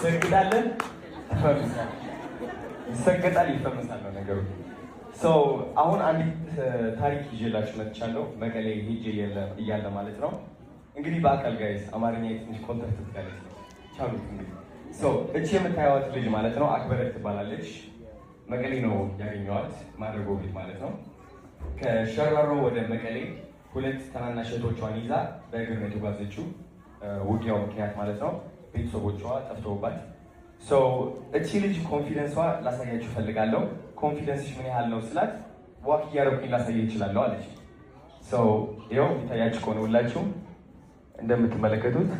ሰግዳለን ይፈምሳል፣ ይሰገጣል፣ ይፈምሳል ነው ነገሩ። ሰው አሁን አንዲት ታሪክ ይዤላችሁ መጥቻለሁ። መቀሌ ሄጄ እያለ ማለት ነው እንግዲህ በአካል ጋይዝ አማርኛ የትንሽ ኮንታክት ትጋለች ቻሉት። እንግዲህ ሰው እቺ የምታየዋት ልጅ ማለት ነው አክበረት ትባላለች። መቀሌ ነው ያገኘዋት፣ ማድረጎ ቤት ማለት ነው። ከሸራሮ ወደ መቀሌ ሁለት ታናናሽ እህቶቿን ይዛ በእግር ነው የተጓዘችው። ውጊያው ምክንያት ማለት ነው ቤተሰቦቿ ጠፍተውባት እቺ ልጅ ኮንፊደንሷ ላሳያችሁ ፈልጋለሁ ኮንፊደንስሽ ምን ያህል ነው ስላት ዋክ እያደረኩኝ ላሳየ ይችላለሁ አለች። ይኸው የሚታያችሁ ከሆነ ሁላችሁ እንደምትመለከቱት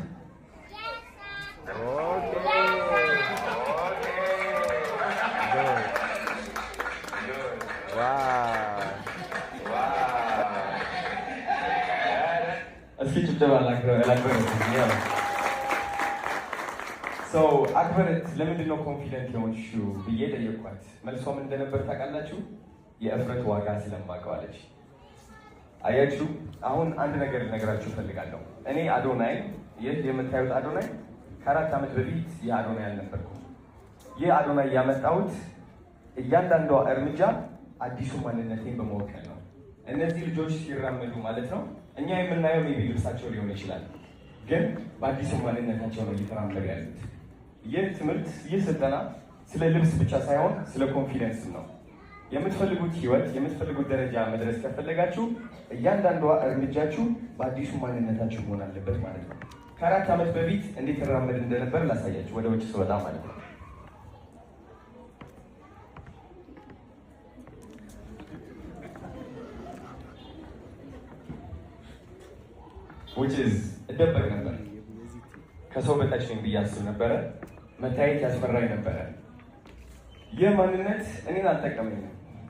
ዋው ጭብጨባ ላክብር። አክበረት ለምንድን ነው ኮንፊደንት የሆንሽው ብዬ ጠየኳት። መልሷም እንደነበር ታውቃላችሁ፣ የእፍረት ዋጋ ስለማውቀው አያችሁ፣ አሁን አንድ ነገር ልነግራችሁ እፈልጋለሁ። እኔ አዶናይ፣ ይህ የምታዩት አዶናይ ከአራት ዓመት በፊት ይህ አዶናይ አልነበርኩም። ይህ አዶናይ ያመጣሁት እያንዳንዷ እርምጃ አዲሱ ማንነቴን በመወከል ነው። እነዚህ ልጆች ሲራመዱ ማለት ነው እኛ የምናየው ቢ ልብሳቸው ሊሆን ይችላል፣ ግን በአዲስ ማንነታቸው ነው እየተራመዱ ያሉት። ይህ ትምህርት ይህ ስልጠና ስለ ልብስ ብቻ ሳይሆን ስለ ኮንፊደንስ ነው። የምትፈልጉት ህይወት የምትፈልጉት ደረጃ መድረስ ከፈለጋችሁ እያንዳንዷ እርምጃችሁ በአዲሱ ማንነታችሁ መሆን አለበት ማለት ነው። ከአራት ዓመት በፊት እንዴት እራመድ እንደነበር ላሳያችሁ ወደ ውጭ ስወጣ ማለት ነው። እደበቅ ነበር ከሰው በታች ነኝ ብዬ አስብ ነበረ። መታየት ያስፈራኝ ነበረ። ይህ ማንነት እኔን አልጠቀመኝም፣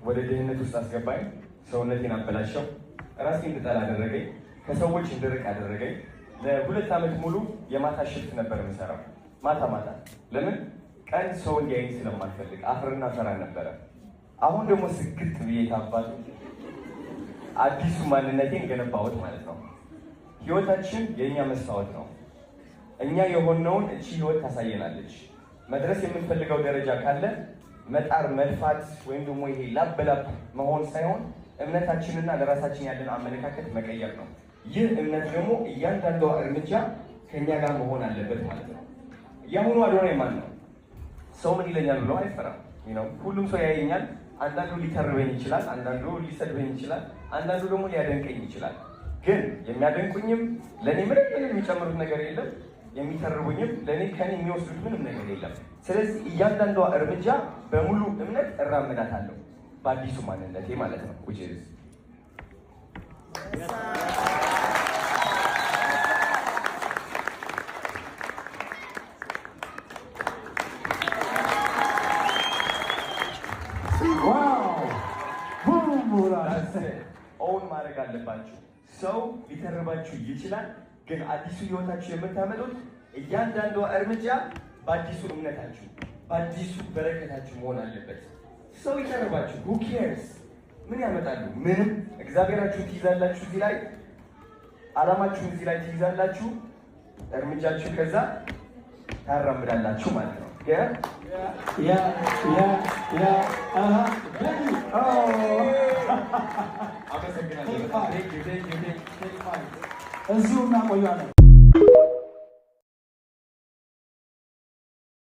ወደ ድህነት ውስጥ አስገባኝ፣ ሰውነቴን አበላሸው፣ ራሴን እንድጠላ አደረገኝ፣ ከሰዎች እንድርቅ አደረገኝ። ለሁለት ዓመት ሙሉ የማታ ሽፍት ነበር የምሰራው፣ ማታ ማታ። ለምን ቀን ሰው እንዲያይኝ ስለማልፈልግ አፍርና ፈራ ነበረ። አሁን ደግሞ ስግጥ ብዬ ታባቱ አዲሱ ማንነቴን ገነባሁት ማለት ነው። ሕይወታችን የእኛ መስታወት ነው። እኛ የሆነውን እቺ ህይወት ታሳየናለች። መድረስ የምንፈልገው ደረጃ ካለ መጣር፣ መልፋት ወይም ደግሞ ይሄ ላብ በላብ መሆን ሳይሆን እምነታችንና ለራሳችን ያለን አመለካከት መቀየር ነው። ይህ እምነት ደግሞ እያንዳንዷ እርምጃ ከእኛ ጋር መሆን አለበት ማለት ነው። የአሁኑ አዶናይ ማን ነው? ሰው ምን ይለኛል ብሎ አይፈራም ነው። ሁሉም ሰው ያየኛል። አንዳንዱ ሊተርበኝ ይችላል፣ አንዳንዱ ሊሰድበኝ ይችላል፣ አንዳንዱ ደግሞ ሊያደንቀኝ ይችላል። ግን የሚያደንቁኝም ለእኔ ምንም ምንም የሚጨምሩት ነገር የለም። የሚተርቡኝም ለእኔ ከኔ የሚወስዱት ምንም ነገር የለም። ስለዚህ እያንዳንዷ እርምጃ በሙሉ እምነት እራምዳታለሁ፣ በአዲሱ ማንነቴ ማለት ነው። ኦውን ማድረግ አለባችሁ። ሰው ሊተርባችሁ ይችላል። ግን አዲሱ ህይወታችሁ የምታመጡት እያንዳንዱ እርምጃ በአዲሱ እምነታችሁ በአዲሱ በረከታችሁ መሆን አለበት። ሰው ይቀርባችሁ፣ who cares ምን ያመጣሉ? ምንም። እግዚአብሔራችሁ ትይዛላችሁ እዚህ ላይ አላማችሁን እዚህ ላይ ትይዛላችሁ፣ እርምጃችሁ ከዛ ታራምዳላችሁ ማለት ነው። Yeah, yeah, yeah, uh-huh. Benny. Oh. Thank you, thank you, thank you. Thank you. እዚሁ እናቆያለን።